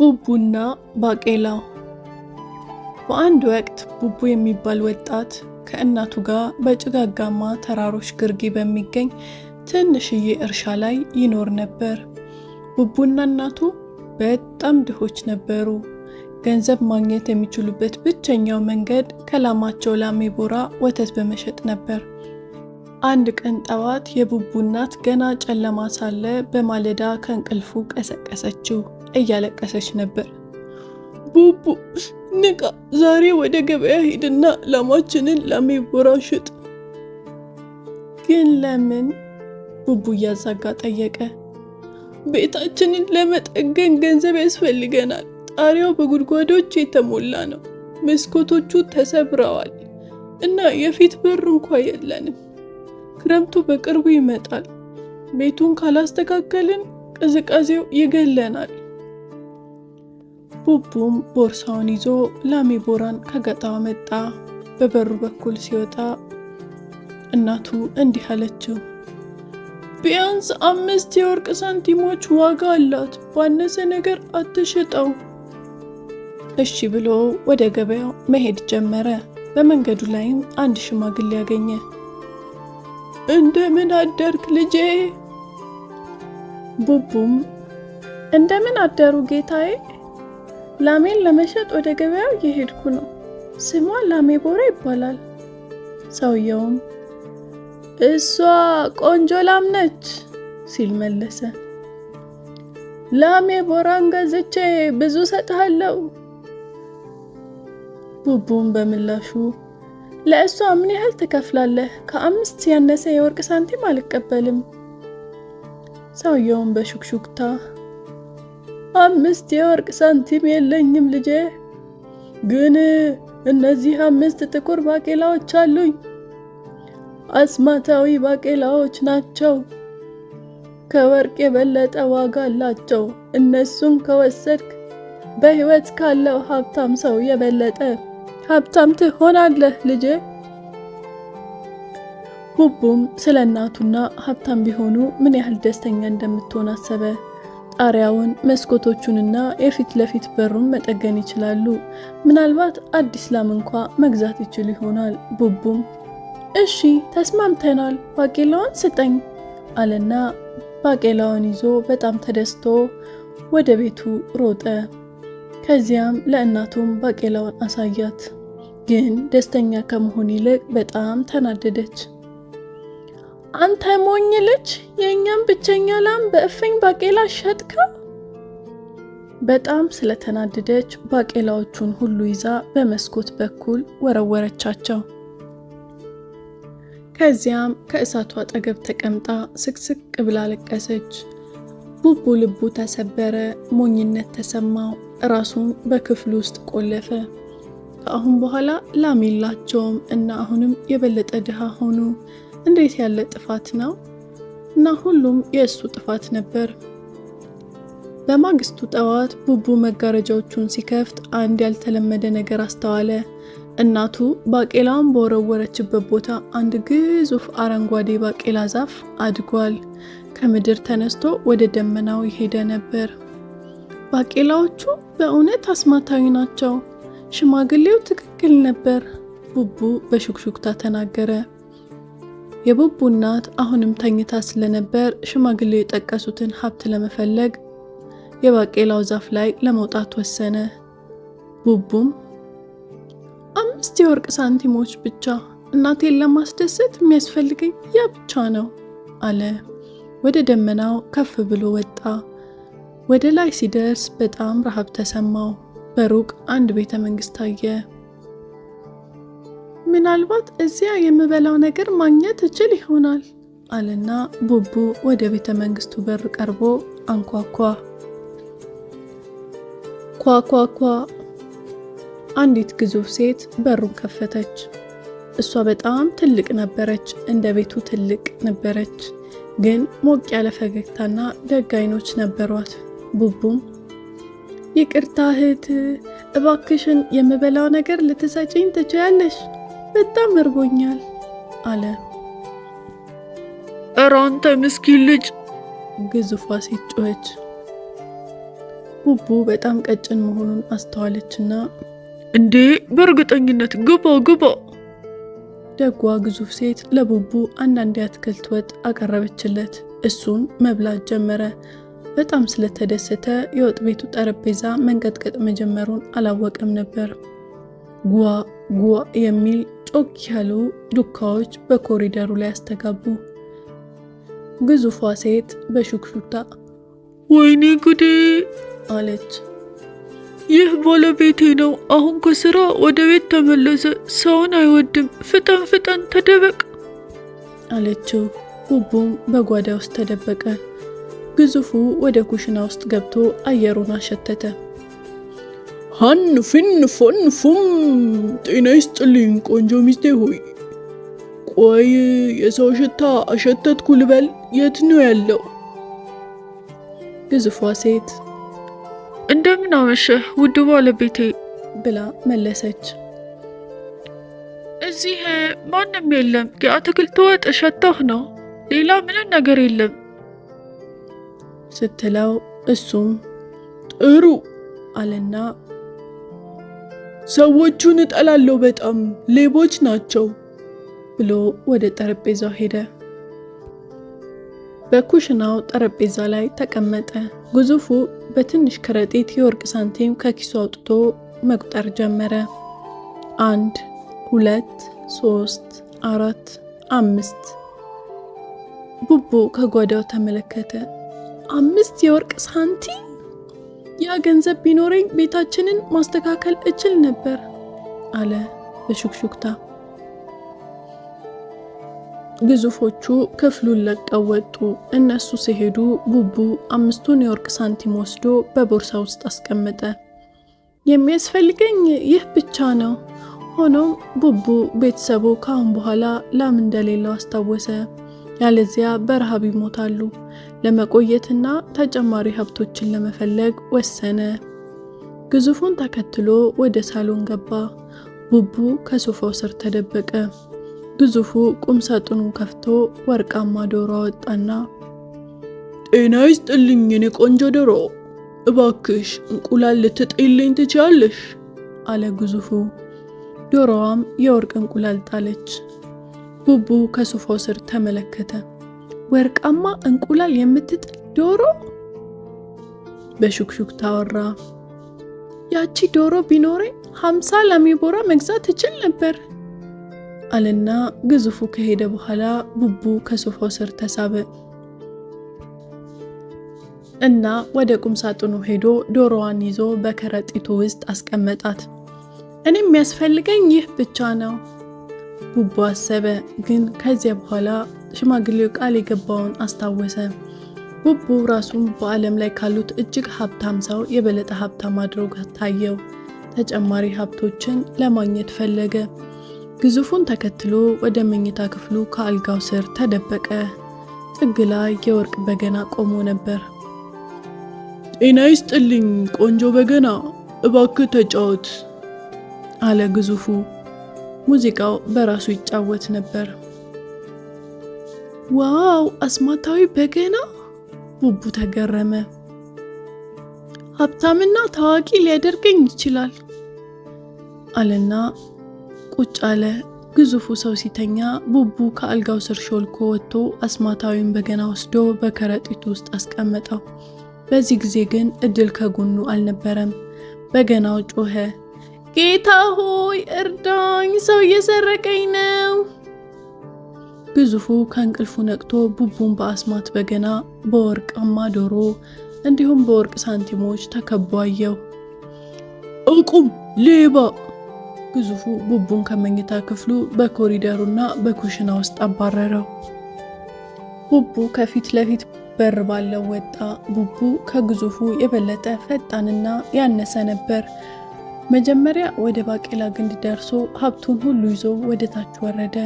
ቡቡና ባቄላ። በአንድ ወቅት ቡቡ የሚባል ወጣት ከእናቱ ጋር በጭጋጋማ ተራሮች ግርጌ በሚገኝ ትንሽዬ እርሻ ላይ ይኖር ነበር። ቡቡና እናቱ በጣም ድሆች ነበሩ። ገንዘብ ማግኘት የሚችሉበት ብቸኛው መንገድ ከላማቸው ላሜ ቦራ ወተት በመሸጥ ነበር። አንድ ቀን ጠዋት የቡቡ እናት ገና ጨለማ ሳለ በማለዳ ከእንቅልፉ ቀሰቀሰችው። እያለቀሰች ነበር። ቡቡ ንቃ፣ ዛሬ ወደ ገበያ ሂድና ላማችንን ላሜ ሽጥ። ግን ለምን? ቡቡ እያዛጋ ጠየቀ። ቤታችንን ለመጠገን ገንዘብ ያስፈልገናል። ጣሪያው በጉድጓዶች የተሞላ ነው፣ መስኮቶቹ ተሰብረዋል እና የፊት በር እንኳ የለንም። ክረምቱ በቅርቡ ይመጣል። ቤቱን ካላስተካከልን ቅዝቃዜው ይገለናል። ቡቡም ቦርሳውን ይዞ ላሜ ቦራን ከገጣው መጣ። በበሩ በኩል ሲወጣ እናቱ እንዲህ አለችው፣ ቢያንስ አምስት የወርቅ ሳንቲሞች ዋጋ አላት፣ ባነሰ ነገር አትሸጠው። እሺ ብሎ ወደ ገበያው መሄድ ጀመረ። በመንገዱ ላይም አንድ ሽማግሌ ያገኘ። እንደምን አደርክ ልጄ? ቡቡም እንደምን አደሩ ጌታዬ ላሜን ለመሸጥ ወደ ገበያው እየሄድኩ ነው። ስሟ ላሜ ቦራ ይባላል። ሰውየውም እሷ ቆንጆ ላም ነች ሲል መለሰ። ላሜ ቦራን ገዝቼ ብዙ ሰጥሃለው። ቡቡም በምላሹ ለእሷ ምን ያህል ትከፍላለህ? ከአምስት ያነሰ የወርቅ ሳንቲም አልቀበልም። ሰውየውም በሹክሹክታ አምስት የወርቅ ሳንቲም የለኝም ልጄ፣ ግን እነዚህ አምስት ጥቁር ባቄላዎች አሉኝ። አስማታዊ ባቄላዎች ናቸው። ከወርቅ የበለጠ ዋጋ አላቸው። እነሱን ከወሰድክ በሕይወት ካለው ሀብታም ሰው የበለጠ ሀብታም ትሆናለህ ልጄ። ቡቡም ስለ እናቱና ሀብታም ቢሆኑ ምን ያህል ደስተኛ እንደምትሆን አሰበ። ጣሪያውን መስኮቶቹንና የፊት ለፊት በሩን መጠገን ይችላሉ። ምናልባት አዲስ ላም እንኳ መግዛት ይችሉ ይሆናል። ቡቡም እሺ ተስማምተናል፣ ባቄላውን ስጠኝ አለና ባቄላውን ይዞ በጣም ተደስቶ ወደ ቤቱ ሮጠ። ከዚያም ለእናቱም ባቄላውን አሳያት። ግን ደስተኛ ከመሆን ይልቅ በጣም ተናደደች። አንተ ሞኝ ልጅ የእኛም ብቸኛ ላም በእፍኝ ባቄላ ሸጥከው? በጣም ስለተናደደች ባቄላዎቹን ሁሉ ይዛ በመስኮት በኩል ወረወረቻቸው። ከዚያም ከእሳቱ አጠገብ ተቀምጣ ስቅስቅ ብላ ለቀሰች። ቡቡ ልቡ ተሰበረ፣ ሞኝነት ተሰማው። ራሱን በክፍሉ ውስጥ ቆለፈ። ከአሁን በኋላ ላም የላቸውም እና አሁንም የበለጠ ድሃ ሆኑ። እንዴት ያለ ጥፋት ነው! እና ሁሉም የእሱ ጥፋት ነበር። በማግስቱ ጠዋት ቡቡ መጋረጃዎቹን ሲከፍት አንድ ያልተለመደ ነገር አስተዋለ። እናቱ ባቄላውን በወረወረችበት ቦታ አንድ ግዙፍ አረንጓዴ ባቄላ ዛፍ አድጓል። ከምድር ተነስቶ ወደ ደመናው ይሄደ ነበር። ባቄላዎቹ በእውነት አስማታዊ ናቸው። ሽማግሌው ትክክል ነበር፣ ቡቡ በሹክሹክታ ተናገረ። የቡቡ እናት አሁንም ተኝታ ስለነበር ሽማግሌው የጠቀሱትን ሀብት ለመፈለግ የባቄላው ዛፍ ላይ ለመውጣት ወሰነ። ቡቡም አምስት የወርቅ ሳንቲሞች ብቻ እናቴን ለማስደሰት የሚያስፈልገኝ ያ ብቻ ነው አለ። ወደ ደመናው ከፍ ብሎ ወጣ። ወደ ላይ ሲደርስ በጣም ረሃብ ተሰማው። በሩቅ አንድ ቤተ መንግስት አየ። ምናልባት እዚያ የምበላው ነገር ማግኘት እችል ይሆናል አለና ቡቡ ወደ ቤተ መንግስቱ በር ቀርቦ አንኳኳ። ኳኳኳ። አንዲት ግዙፍ ሴት በሩን ከፈተች። እሷ በጣም ትልቅ ነበረች፣ እንደ ቤቱ ትልቅ ነበረች። ግን ሞቅ ያለ ፈገግታና ደግ አይኖች ነበሯት። ቡቡም ይቅርታ እህት፣ እባክሽን የምበላው ነገር ልትሰጪኝ ትችያለሽ? በጣም እርቦኛል አለ። እረ አንተ ምስኪን ልጅ! ግዙፏ ሴት ጮኸች። ቡቡ በጣም ቀጭን መሆኑን አስተዋለችና እንዴ በእርግጠኝነት ግባ ግባ! ደጓ ግዙፍ ሴት ለቡቡ አንዳንድ የአትክልት ወጥ አቀረበችለት። እሱም መብላት ጀመረ። በጣም ስለተደሰተ የወጥ ቤቱ ጠረጴዛ መንቀጥቀጥ መጀመሩን አላወቀም ነበር። ጓ ጓ የሚል ጮክ ያሉ ዱካዎች በኮሪደሩ ላይ አስተጋቡ። ግዙፏ ሴት በሹክሹክታ ወይኔ ጉዴ አለች። ይህ ባለቤቴ ነው። አሁን ከስራ ወደ ቤት ተመለሰ። ሰውን አይወድም። ፍጠን ፍጠን ተደበቅ አለችው። ቡቡም በጓዳ ውስጥ ተደበቀ። ግዙፉ ወደ ኩሽና ውስጥ ገብቶ አየሩን አሸተተ። ሀን ፊን ፎን ፉም ጤና ይስጥልኝ ቆንጆ ሚስቴ ሆይ፣ ቆይ የሰው ሽታ አሸተትኩ ልበል፣ የት ነው ያለው? ግዙፏ ሴት እንደምን አመሸህ ውድ ባለቤቴ ብላ መለሰች። እዚህ ማንም የለም። የአትክልት ወጥ ሸታህ ነው፣ ሌላ ምንም ነገር የለም ስትለው እሱም ጥሩ አለና ሰዎቹን እጠላለሁ፣ በጣም ሌቦች ናቸው ብሎ ወደ ጠረጴዛው ሄደ። በኩሽናው ጠረጴዛ ላይ ተቀመጠ። ግዙፉ በትንሽ ከረጢት የወርቅ ሳንቲም ከኪሱ አውጥቶ መቁጠር ጀመረ። አንድ፣ ሁለት፣ ሶስት፣ አራት፣ አምስት። ቡቡ ከጓዳው ተመለከተ። አምስት የወርቅ ሳንቲም ያ ገንዘብ ቢኖረኝ ቤታችንን ማስተካከል እችል ነበር አለ በሹክሹክታ። ግዙፎቹ ክፍሉን ለቀው ወጡ። እነሱ ሲሄዱ ቡቡ አምስቱን የወርቅ ሳንቲም ወስዶ በቦርሳ ውስጥ አስቀመጠ። የሚያስፈልገኝ ይህ ብቻ ነው። ሆኖም ቡቡ ቤተሰቡ ከአሁን በኋላ ላም እንደሌለው አስታወሰ። ያለዚያ በረሃብ ይሞታሉ። ለመቆየትና ተጨማሪ ሀብቶችን ለመፈለግ ወሰነ። ግዙፉን ተከትሎ ወደ ሳሎን ገባ። ቡቡ ከሶፋው ስር ተደበቀ። ግዙፉ ቁም ሳጥኑ ከፍቶ ወርቃማ ዶሮ አወጣና ጤና ይስጥልኝ የኔ ቆንጆ ዶሮ፣ እባክሽ እንቁላል ልትጥይልኝ ትችያለሽ? አለ ግዙፉ። ዶሮዋም የወርቅ እንቁላል ጣለች። ቡቡ ከሶፋው ስር ተመለከተ። ወርቃማ እንቁላል የምትጥል ዶሮ በሹክሹክታ አወራ። ያቺ ዶሮ ቢኖረኝ ሀምሳ ላሚቦራ መግዛት እችል ነበር አለና ግዙፉ ከሄደ በኋላ ቡቡ ከሶፋው ስር ተሳበ እና ወደ ቁም ሳጥኑ ሄዶ ዶሮዋን ይዞ በከረጢቱ ውስጥ አስቀመጣት። እኔ የሚያስፈልገኝ ይህ ብቻ ነው ቡቡ አሰበ፣ ግን ከዚያ በኋላ ሽማግሌው ቃል የገባውን አስታወሰ። ቡቡ ራሱን በዓለም ላይ ካሉት እጅግ ሀብታም ሰው የበለጠ ሀብታም አድርጎ ታየው። ተጨማሪ ሀብቶችን ለማግኘት ፈለገ። ግዙፉን ተከትሎ ወደ መኝታ ክፍሉ ከአልጋው ስር ተደበቀ። ጥግ ላይ የወርቅ በገና ቆሞ ነበር። ጤና ይስጥልኝ ቆንጆ በገና፣ እባክህ ተጫወት አለ ግዙፉ። ሙዚቃው በራሱ ይጫወት ነበር። ዋው አስማታዊ በገና! ቡቡ ተገረመ። ሀብታምና ታዋቂ ሊያደርገኝ ይችላል አለና ቁጭ አለ። ግዙፉ ሰው ሲተኛ ቡቡ ከአልጋው ስር ሾልኮ ወጥቶ አስማታዊውን በገና ወስዶ በከረጢቱ ውስጥ አስቀመጠው። በዚህ ጊዜ ግን እድል ከጎኑ አልነበረም። በገናው ጮኸ። ጌታ ሆይ እርዳኝ፣ ሰው እየሰረቀኝ ነው። ግዙፉ ከእንቅልፉ ነቅቶ ቡቡን በአስማት በገና፣ በወርቃማ ዶሮ እንዲሁም በወርቅ ሳንቲሞች ተከቦ አየው። እቁም ሌባ! ግዙፉ ቡቡን ከመኝታ ክፍሉ በኮሪደሩና በኩሽና ውስጥ አባረረው። ቡቡ ከፊት ለፊት በር ባለው ወጣ። ቡቡ ከግዙፉ የበለጠ ፈጣንና ያነሰ ነበር። መጀመሪያ ወደ ባቄላ ግንድ ደርሶ ሀብቱን ሁሉ ይዞ ወደ ታች ወረደ።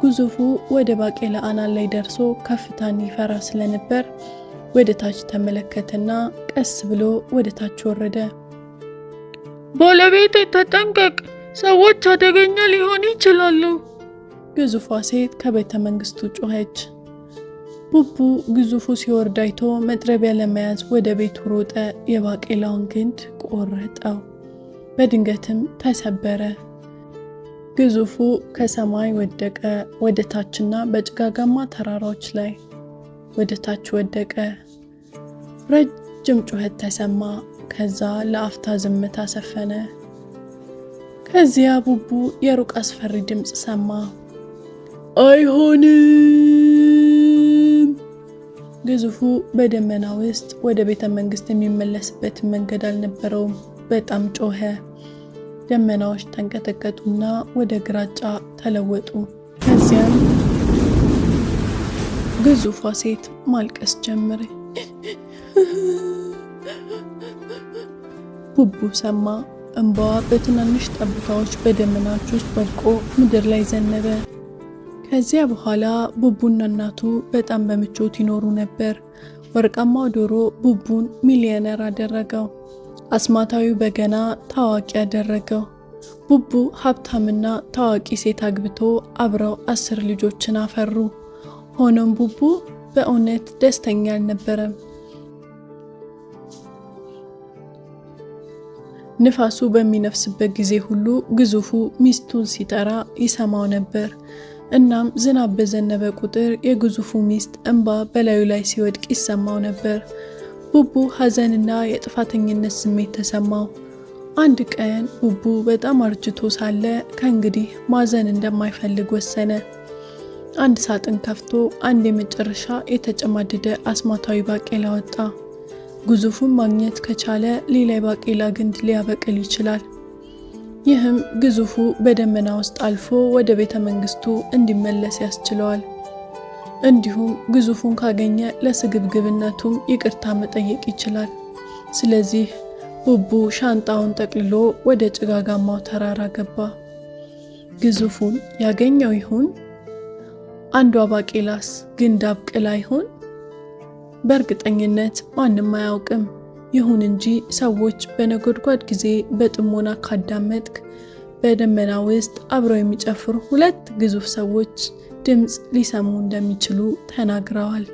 ግዙፉ ወደ ባቄላ አናል ላይ ደርሶ ከፍታን ይፈራ ስለነበር ወደ ታች ተመለከተና ቀስ ብሎ ወደ ታች ወረደ። ባለቤቴ ተጠንቀቅ፣ ሰዎች አደገኛ ሊሆን ይችላሉ። ግዙፏ ሴት ከቤተ መንግስቱ ጮኸች። ቡቡ ግዙፉ ሲወርድ አይቶ መጥረቢያ ለመያዝ ወደ ቤቱ ሮጠ። የባቄላውን ግንድ ቆረጠው። በድንገትም ተሰበረ። ግዙፉ ከሰማይ ወደቀ ወደ ታችና በጭጋጋማ ተራራዎች ላይ ወደ ታች ወደቀ። ረጅም ጩኸት ተሰማ። ከዛ ለአፍታ ዝምታ ሰፈነ። ከዚያ ቡቡ የሩቅ አስፈሪ ድምፅ ሰማ። አይሆንም! ግዙፉ በደመና ውስጥ ወደ ቤተ መንግስት የሚመለስበት መንገድ አልነበረውም። በጣም ጮኸ። ደመናዎች ተንቀጠቀጡና ወደ ግራጫ ተለወጡ። ከዚያም ግዙፏ ሴት ማልቀስ ጀመረ። ቡቡ ሰማ። እንባዋ በትናንሽ ጠብታዎች በደመናዎች ውስጥ ወድቆ ምድር ላይ ዘነበ። ከዚያ በኋላ ቡቡና እናቱ በጣም በምቾት ይኖሩ ነበር። ወርቃማው ዶሮ ቡቡን ሚሊዮነር አደረገው። አስማታዊው በገና ታዋቂ ያደረገው። ቡቡ ሀብታምና ታዋቂ ሴት አግብቶ አብረው አስር ልጆችን አፈሩ። ሆኖም ቡቡ በእውነት ደስተኛ አልነበረም። ንፋሱ በሚነፍስበት ጊዜ ሁሉ ግዙፉ ሚስቱን ሲጠራ ይሰማው ነበር። እናም ዝናብ በዘነበ ቁጥር የግዙፉ ሚስት እንባ በላዩ ላይ ሲወድቅ ይሰማው ነበር። ቡቡ ሐዘንና የጥፋተኝነት ስሜት ተሰማው። አንድ ቀን ቡቡ በጣም አርጅቶ ሳለ ከእንግዲህ ማዘን እንደማይፈልግ ወሰነ። አንድ ሳጥን ከፍቶ አንድ የመጨረሻ የተጨማደደ አስማታዊ ባቄላ ወጣ። ግዙፉን ማግኘት ከቻለ ሌላ የባቄላ ግንድ ሊያበቅል ይችላል። ይህም ግዙፉ በደመና ውስጥ አልፎ ወደ ቤተ መንግስቱ እንዲመለስ ያስችለዋል። እንዲሁም ግዙፉን ካገኘ ለስግብግብነቱም ይቅርታ መጠየቅ ይችላል። ስለዚህ ቡቡ ሻንጣውን ጠቅልሎ ወደ ጭጋጋማው ተራራ ገባ። ግዙፉን ያገኘው ይሆን? አንዷ ባቄላስ ግንድ አብቅላ ይሆን? በእርግጠኝነት ማንም አያውቅም። ይሁን እንጂ ሰዎች በነጎድጓድ ጊዜ በጥሞና ካዳመጥክ በደመና ውስጥ አብረው የሚጨፍሩ ሁለት ግዙፍ ሰዎች ድምፅ ሊሰሙ እንደሚችሉ ተናግረዋል።